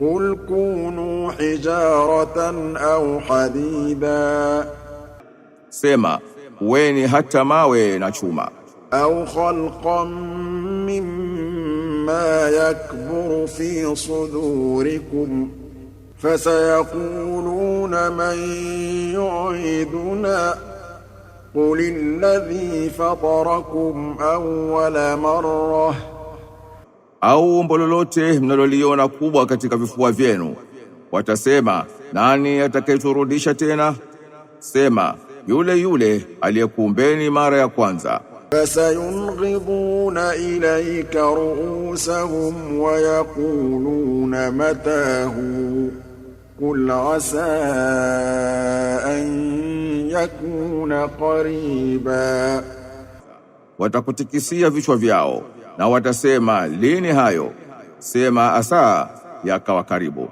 قل كونوا حجارة أو حديدا سما وين حتى ما وين أشوما أو خلقا مما يكبر في صدوركم فسيقولون من يعيدنا قل الذي فطركم أول مرة au umbo lolote mnaloliona kubwa katika vifua vyenu. Watasema, nani atakayeturudisha tena? Sema, yule yule aliyekuumbeni mara ya kwanza. Fasayunghiduna ilayka ruusahum wa yaquluna matahu kul asa an yakuna qariba, watakutikisia vichwa vyao na watasema lini hayo? Sema asaa yakawa karibu.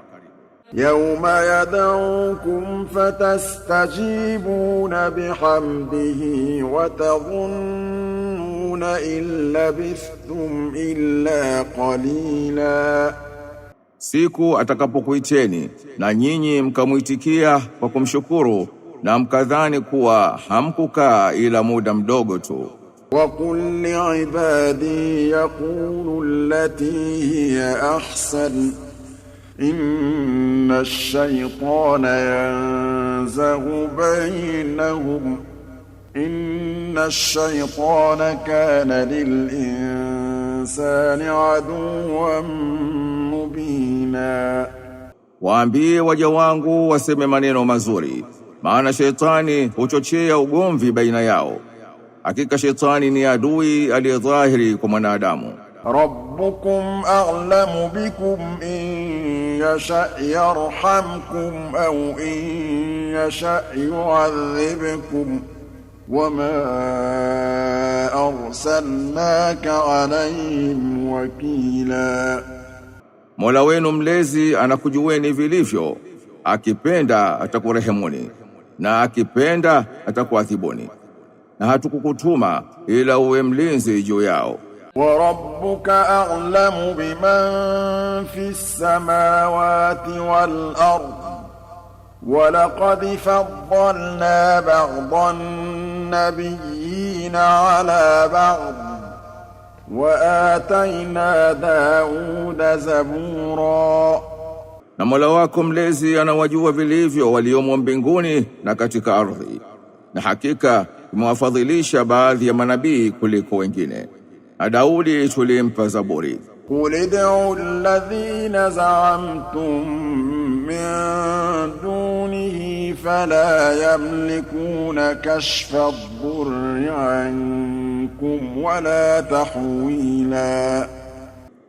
Yauma yad'ukum fatastajibuna bihamdihi wa tadhunnuna in labithtum illa qalila, siku atakapokuiteni na nyinyi mkamwitikia kwa kumshukuru na mkadhani kuwa hamkukaa ila muda mdogo tu وقل لعبادي يَقُولُوا التي هي أحسن إن الشيطان ينزغ بينهم إن الشيطان كان للإنسان عدوا مبينا عَدُوًّا مُّبِينًا Waambie waja wangu waseme maneno mazuri, maana sheitani huchochea ugomvi baina yao Hakika shetani ni adui aliyedhahiri kwa mwanadamu. Rabbukum a'lamu bikum in yasha yarhamkum au in yasha yu'adhibkum wama arsalnaka alayhim wakila, Mola wenu mlezi anakujueni vilivyo, akipenda atakurehemuni na akipenda atakuadhibuni na hatukukutuma ila uwe mlinzi juu yao. wa rabbuka a'lamu biman fis samawati wal ardh wa laqad faddalna ba'dhan nabiyyina 'ala ba'd wa atayna Dauda zabura, na Mola wako mlezi anawajua vilivyo waliomo mbinguni na katika ardhi, na hakika tumewafadhilisha baadhi ya manabii kuliko wengine na Daudi tulimpa Zaburi. Qul id'u alladhina za'amtum min dunihi fala yamlikuna kashfa dhurri ankum wala tahwila,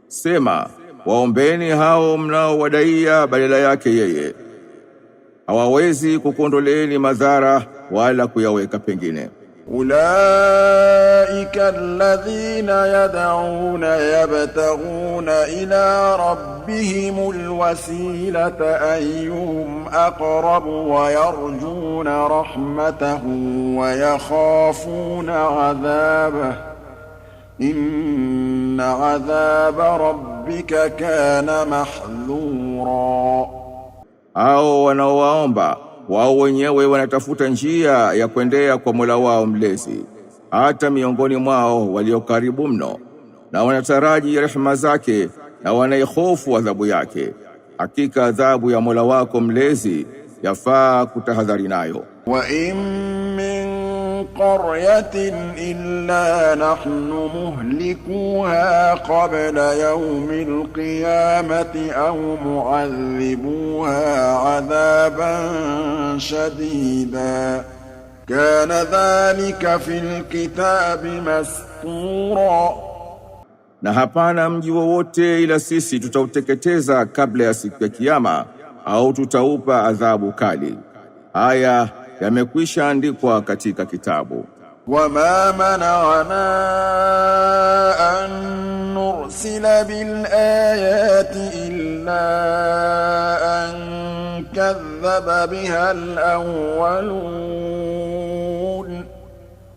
sema waombeni hao mnaowadaia badala yake yeye hawawezi kukuondoleni madhara wala kuyaweka pengine. Ulaika alladhina yad'una yabtaghuna ila rabbihimul wasilata ayyuhum aqrabu wa yarjuna rahmatahu wa yakhafuna 'adhabahu inna 'adhaba rabbika kana mahdhura au wanaowaomba wao wenyewe wanatafuta njia ya kwendea kwa Mola wao mlezi, hata miongoni mwao walio karibu mno, na wanataraji rehema zake na wanaihofu adhabu yake. Hakika adhabu ya Mola wako mlezi yafaa kutahadhari nayo wa imi... قرية إلا نحن مهلكوها قبل يوم القيامة أو معذبوها عذابا شديدا كان ذلك في الكتاب مسطورا na hapana mji wowote ila sisi tutauteketeza kabla ya siku ya kiyama au tutaupa adhabu kali. Aya yamekwisha andikwa katika kitabu. Wama mana'ana an nursila bil ayati illa an kadhaba biha al awwalun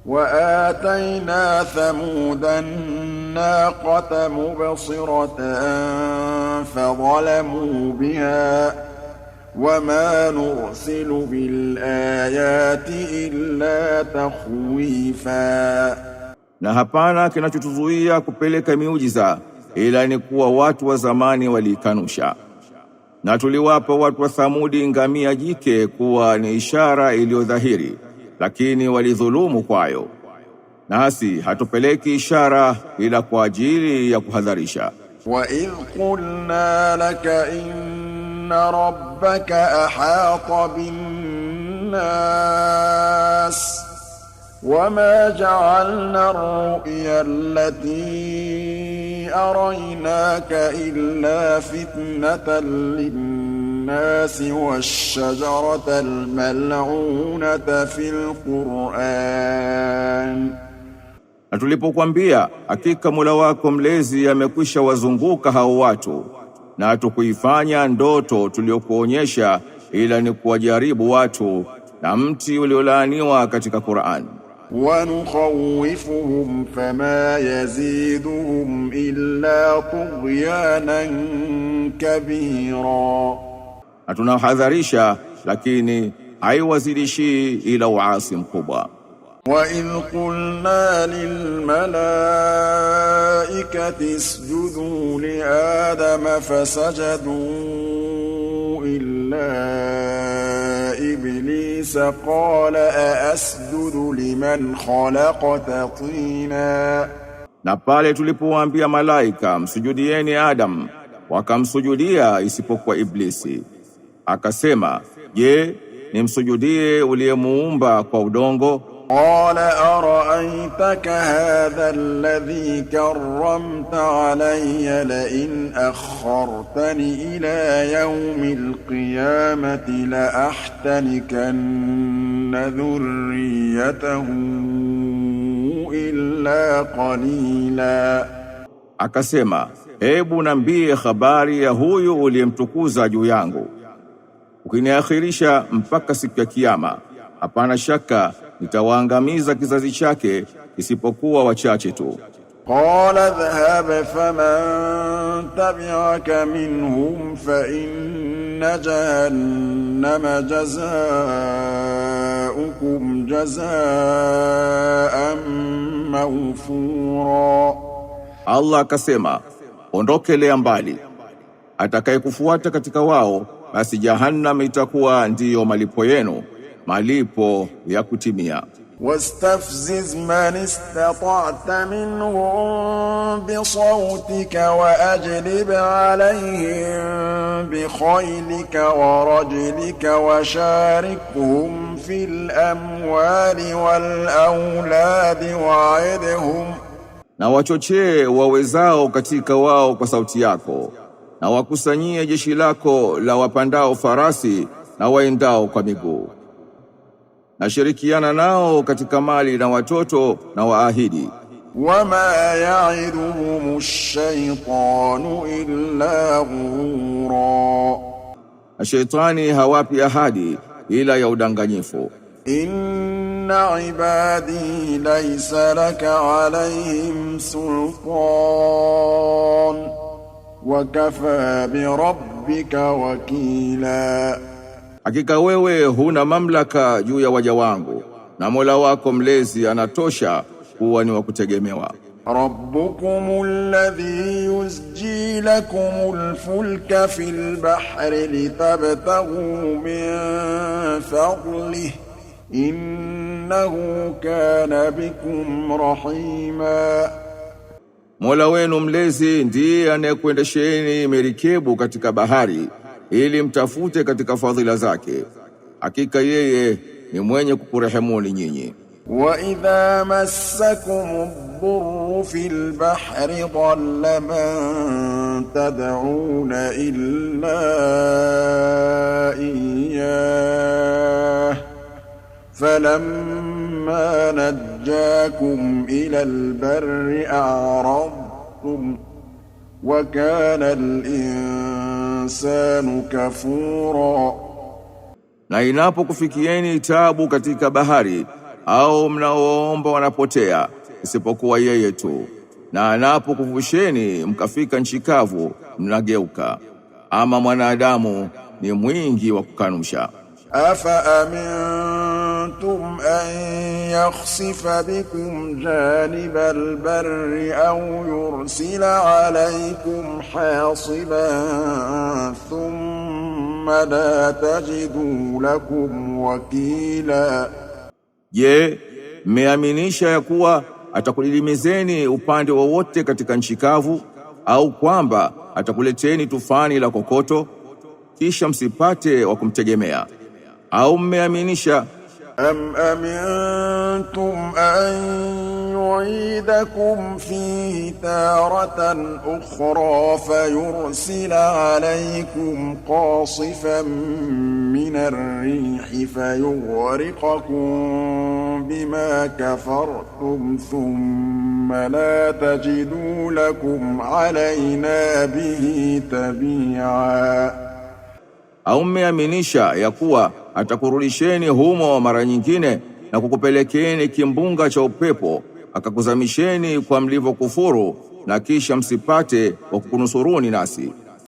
wa atayna thamudan naqata mubsiratan fadhalamu biha وما نرسل بالآيات إلا تخويفا na hapana kinachotuzuia kupeleka miujiza ila ni kuwa watu wa zamani walikanusha na tuliwapa watu wa Thamudi ngamia jike kuwa ni ishara iliyodhahiri lakini walidhulumu kwayo nasi hatupeleki ishara ila kwa ajili ya kuhadharisha wa idh qulna laka inna rabb ربك أحاط بالناس وما جعلنا الرؤيا التي أريناك إلا فتنة للناس والشجرة الملعونة في القرآن na tulipokwambia hakika mula wako mlezi amekwisha wazunguka hao watu na hatukuifanya ndoto tuliyokuonyesha ila ni kuwajaribu watu na mti uliolaaniwa katika Qur'an. wa nukhawifuhum fama yaziduhum illa tughyanan kabira, na tunahadharisha lakini haiwazidishi ila uasi mkubwa. وإذ قلنا للملائكة اسجدوا لآدم فسجدوا إلا إبليس قال أأسجد لمن خلقت طينا na pale tulipowaambia malaika msujudieni Adam, wakamsujudia isipokuwa Iblisi. Akasema, je, nimsujudie uliyemuumba kwa udongo? قَالَ أَرَأَيْتَكَ هَٰذَا الَّذِي كَرَّمْتَ عَلَيَّ لَئِنْ أَخَّرْتَنِ إِلَىٰ يَوْمِ الْقِيَامَةِ لَأَحْتَنِكَنَّ ذُرِّيَّتَهُ إِلَّا قَلِيلًا Akasema, hebu nambie habari ya huyu uliyemtukuza juu yangu, ukiniakhirisha mpaka siku ya Kiyama, hapana shaka nitawaangamiza kizazi chake isipokuwa wachache tu. Qala dhhab faman tabi'aka minhum fa inna jahannama jazaa'ukum jazaa'an mawfura, Allah akasema ondokelea mbali, atakayekufuata katika wao basi Jahannam itakuwa ndiyo malipo yenu malipo ya kutimia. Wastafziz man istata'ta minhum bi sawtika wa ajlib alayhim bi khaylika wa rajlika wa sharikhum fil amwali wal auladi wa aidhum, na wachochee wawezao katika wao kwa sauti yako, na wakusanyie jeshi lako la wapandao farasi na waendao kwa miguu nashirikiana nao katika mali na watoto na waahidi. Wama yaiduhumu shaitanu illa ghurura, na shaitani hawapi ahadi ila ya udanganyifu. Inna ibadi laysa laka alayhim sultan wa kafa bi rabbika wakila Hakika wewe huna mamlaka juu ya waja wangu, na Mola wako mlezi anatosha kuwa ni wa kutegemewa. Rabbukum alladhi yusji lakum alfulka fil bahri litabtaghu min fadlihi innahu kana bikum rahima, Mola wenu mlezi ndiye anayekuendesheni merikebu katika bahari ili mtafute katika fadhila zake. Hakika yeye ni mwenye kukurehemuni nyinyi. wa idha massakum ad-durru fil bahri dhalla man tad'una illa iyya فَلَمَّا نَجَّاكُمْ إِلَى الْبَرِّ أَعْرَضْتُمْ وَكَانَ الْإِنسَانُ insanu kafura, na inapokufikieni tabu katika bahari au mnaoomba wanapotea isipokuwa yeye tu, na anapokuvusheni mkafika nchi kavu mnageuka. Ama mwanadamu ni mwingi wa kukanusha. afa amin ظننتم أن يخسف بكم جانب البر أو يرسل عليكم حاصبا ثم لا تجدوا لكم وكيلا Je, mmeaminisha ya kuwa atakulilimizeni upande wowote katika nchi kavu au kwamba atakuleteni tufani la kokoto kisha msipate wa kumtegemea au mmeaminisha أَمْ أَمِنْتُمْ أَنْ يُعِيدَكُمْ فِيهِ تَارَةً أُخْرَى فَيُرْسِلَ عَلَيْكُمْ قَاصِفًا مِنَ الرِّيحِ فَيُغْرِقَكُمْ بِمَا كَفَرْتُمْ ثُمَّ لَا تَجِدُوا لَكُمْ عَلَيْنَا بِهِ تَبِيعًا au mmeaminisha ya kuwa atakurudisheni humo mara nyingine na kukupelekeeni kimbunga cha upepo akakuzamisheni kwa mlivyokufuru na kisha msipate wa kukunusuruni nasi